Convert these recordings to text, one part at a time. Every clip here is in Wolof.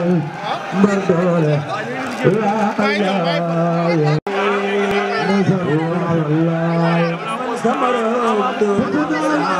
doole laa ilaha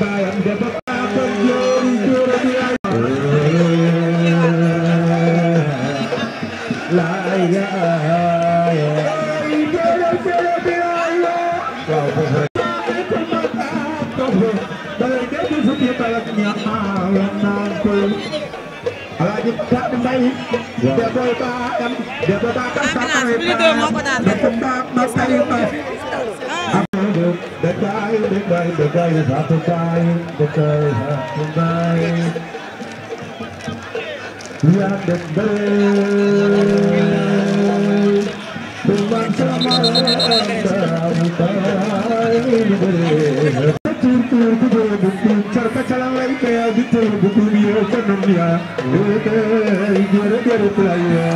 baayam dafa paapal joori jooram yaay laay yaay jooram jooram yaay waaw foofu rek balay dégg fukki balak ñaxaala naan koy alaaji kat mbay dafa baayam dafa baakal saxaay dying, the guy is after dying, the guy is after dying. We are the best. The man from our Assalamualaikum warahmatullahi wabarakatuh.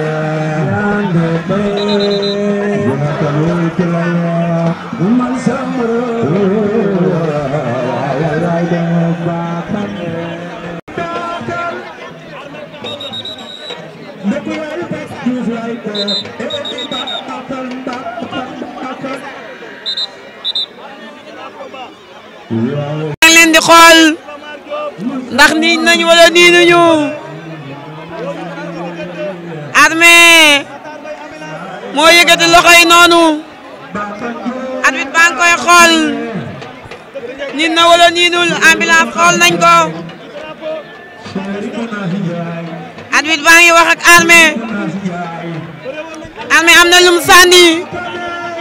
maa ngi leen di xool ndax nii nañu wala nii nañu moo yëkkati loxo yi noonu arbitre baa ngi koy xool niin na wala niinul ambulance xool nañ ko arbitre baa wax ak Armé am na lum sànni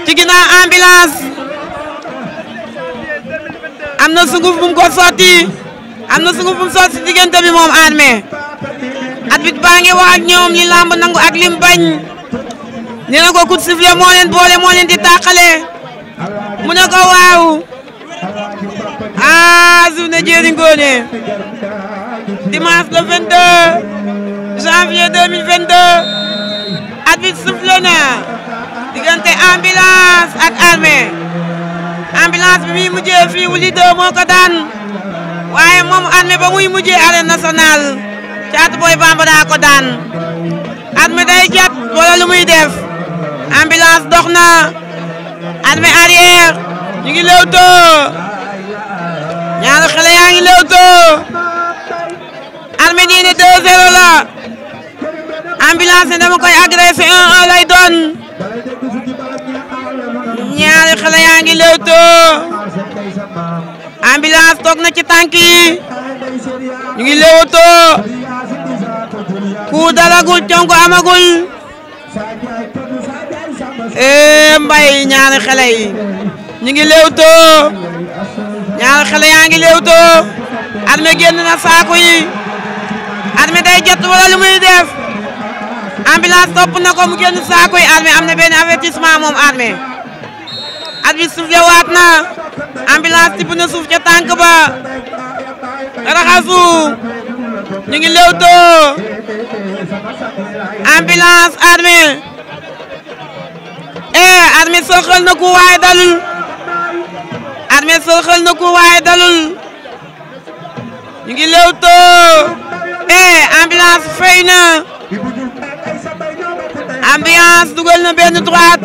ci ginnaaw ambulance am na sunguf bu mu sotti am na sunguf bu mu si diggante bi moom armée arbitre baa ngi wax ñoom li làmb nangu ak lim bañ nee na ko coup de sifflet boole moo di tàqale mu ne ko waaw ah journée Diéry Ngoné dimanche le 22 janvier 2022 arbitre sifflé na diggante ambulance ak armée ambulance bi muy mujjee fii wu leader moo ko daan waaye moom armée ba muy mujjee arène nationale caatu booy bambara daan armée day jat wala lu muy def ambulance dox na armée arrière ñu ngi lewtoo ñaari xale yaa ngi lewtoo armée nii ne 2 la ambulance ne dama koy agressé 1-1 lay yaa ngi na ci tànk yi ñu ngi lewtoo ku dalagul conko amagul ee eh, mbay ñaari xale yi ñu ngi lewtoo ñaari xale yaa ngi lewtoo armé génn na saaku yi day jot wala lu def ambulance topp na ko mu génn saaku yi armé am na benn avertissement moom armé at bi suuf la waat na ambulance tibb na suuf tànk ba raxasu ñu ngi lewtoo ambulance armée eh armée soxal na ku waaye dalul armée soxal na ku waaye dalul ñu ngi lewtoo eh ambulance fay na ambulance dugal na benn droite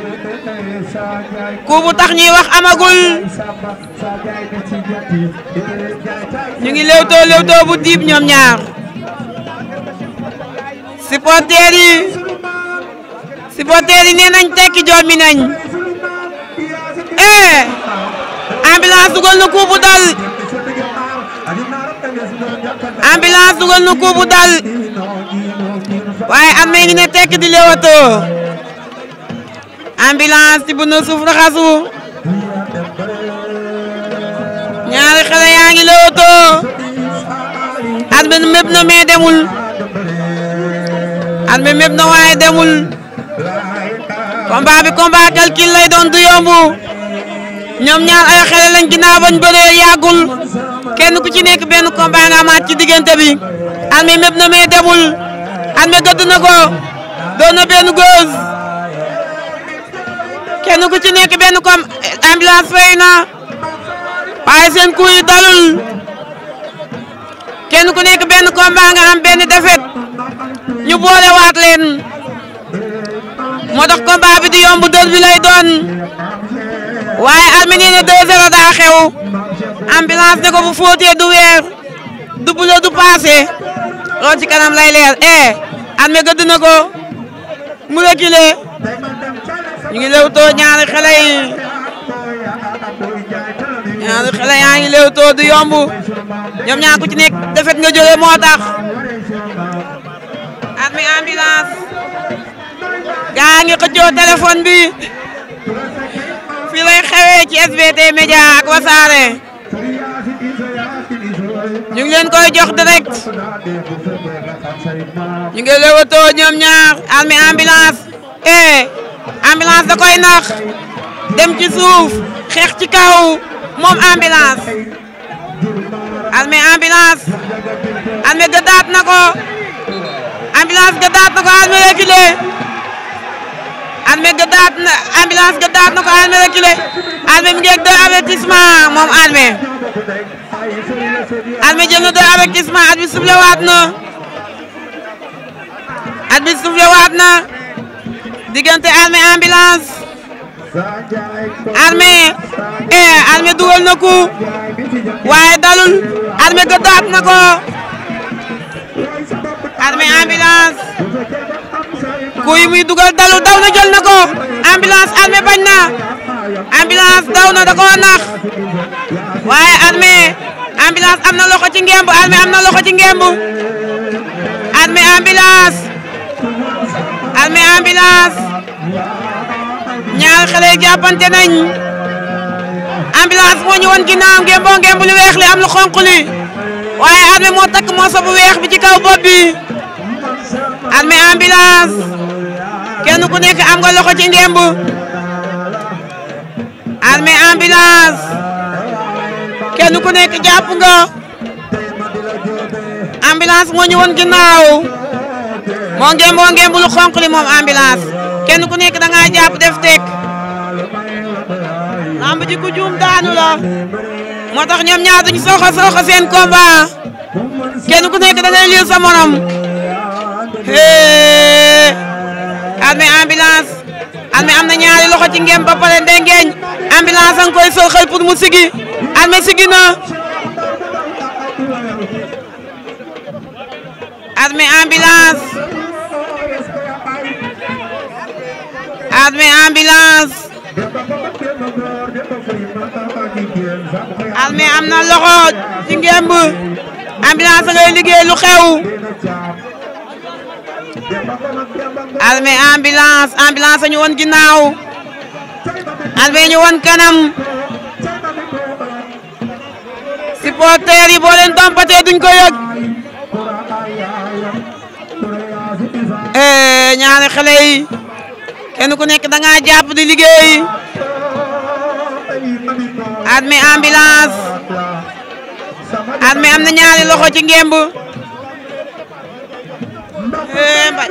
ku bu tax ñuy wax amagul ñu ngi lewtoo lewtoo bu diib ñoom ñaar supporters yi supporters yi nee nañ tekki jommi nañ eh ambulance dugal na ku bu dal ambulance dugal na ku bu dal waaye am na ñu ne tekki di lewatoo ambulance ci bu nu suuf raxasu ñaari xale yaa ngi looto at bi mépp na demul at bi mépp na waaye demul combat bi combat lay doon du yombu ñoom ñaar ay xale lañ ginnaaw bañ bëree yàggul ku ci nekk benn combat nga ci diggante bi at mi mépp na mais demul at mi gëdd na ko doon kenn ku ci nekk benn comme ambulance fay na waaye seen dalul kenn ku nekk benn combat nga am benn défaite ñu boole waat leen moo tax combat bi di yomb dër doon waaye Armé nee na 2-0 daa ne ko bu fóotee du weer du bulo du paase loolu kanam lay leer eh Armé gëdd mu reculer ñu ngi lewtoo ñaari xale ñaari xale yaa ngi lewtoo du yomb ñoom ñaar ku ci nekk defet nga jóge moo tax bi fii lay xewee ñu ngi leen koy jox ñu ngi lewatoo ñoom ñaar ambulance eh! ambulance da koy nax dem ci suuf xeex ci kaw moom ambulance Armé ambulance Armé gëddaat na ko ambulance gëddaat na ko Armé reculé Armé gëddaat na ambulance gëddaat na ko Armé reculé Armé mi ngi ak deux avertissement moom Armé Armé jël na deux avertissement at waat na at bi suuf waat na. diggante armée ambulance armée eh armée dugal na ko waaye dalul armée gëddaat na ko armée ambulance kuy muy dugal dalul daw na jël na ko ambulance armée bañ na ambulance daw na da waaye armée ambulance am na loxo ci ngemb armée am na loxo ci ngemb armée ambulance armée ambulance ñaar xale jàppante nañ ambulance moo woon ginnaaw ngeen boo li am lu li waaye armée moo takk moo sobu weex bi ci kaw bopp bi armée ku nekk am nga loxo ci ngemb armée ku nekk jàpp nga ambulance woon ginnaaw moo ngeen moo ngeen moom ambulance kenn ku nekk da ngaa jàpp def lamb ji ku juum daanu la moo tax ñoom ñaar duñ sooxa sooxa seen combat kenn ku nekk da ngay sa morom armée ambulance armée am na ñaari loxo ci ngem ba pare ndengeeñ ambulance a ngi koy sol xel pour mu sigi armée sigi na armée ambulance armée ambulance armée am na loxo ci ngemb ambulance ngay liggéey lu xew armée ambulance ambulance ñu woon ginnaaw armée ñu woon kanam supporters yi boo leen tompatee duñ ko yëg eh, ñaari kenn ku nekk da ngaa jàpp di liggéey Armé ambulance Armé am na ñaari loxo ci ngemb mbay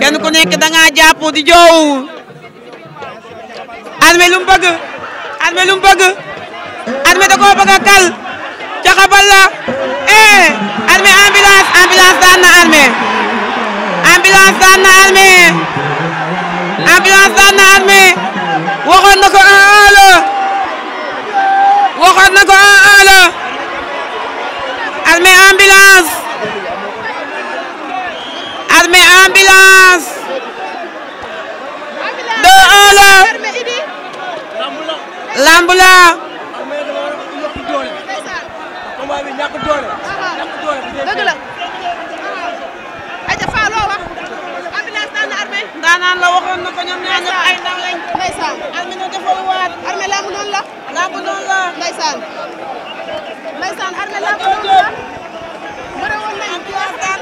kenn ku nekk da ngaa jàpp di joow Armé lu mu bëgg Armé da koo bëgg a taxabal la eh armée ambulance ambulance daan na armée ambulance daan na armée combat bi ñàkk doole. ñàkk doole dëgg la. Adja Fall loo wax. ambulance daan na armée. daanaan la waxoon na ko ñoom ñaar ñëpp ay ndaw lañ. ndeysaan armée ñoo defoo waat. armée làmb noonu la. làmb noonu la. ndeysaan. ndeysaan armée làmb noonu la. bëre woon nañu